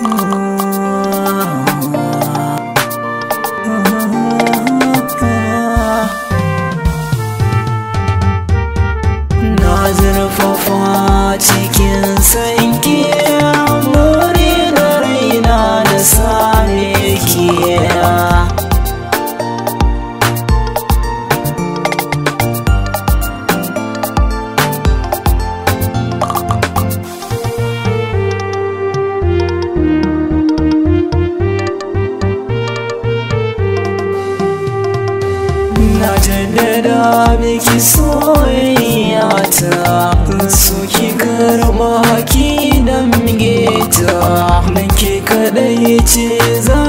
嗯。jaddada miki soyayya ta so ki karɓa ki geta nake kaɗai ce za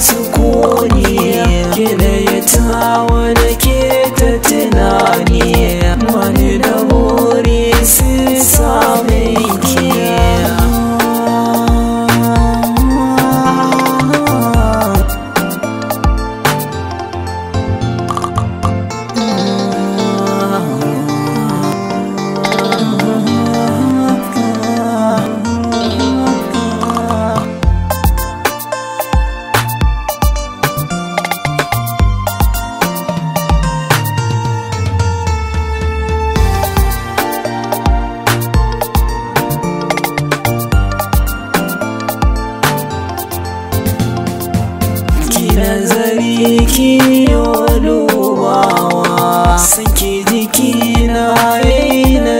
sukuni kene ya tawani nazari kiyo dubawa sanki jiki na yi na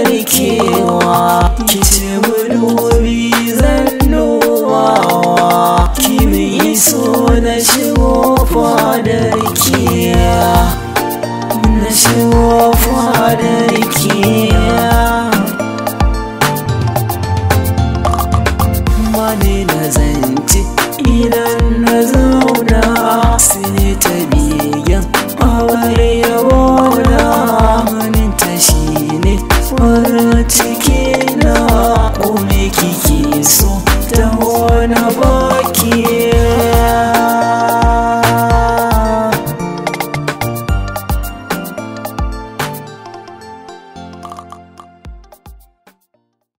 wa. ki ce madubi zan dubawa ki mai so na shigo fadar kiya na shigo fadar kiya ma ne na zanci idan zuci ke na ko ki so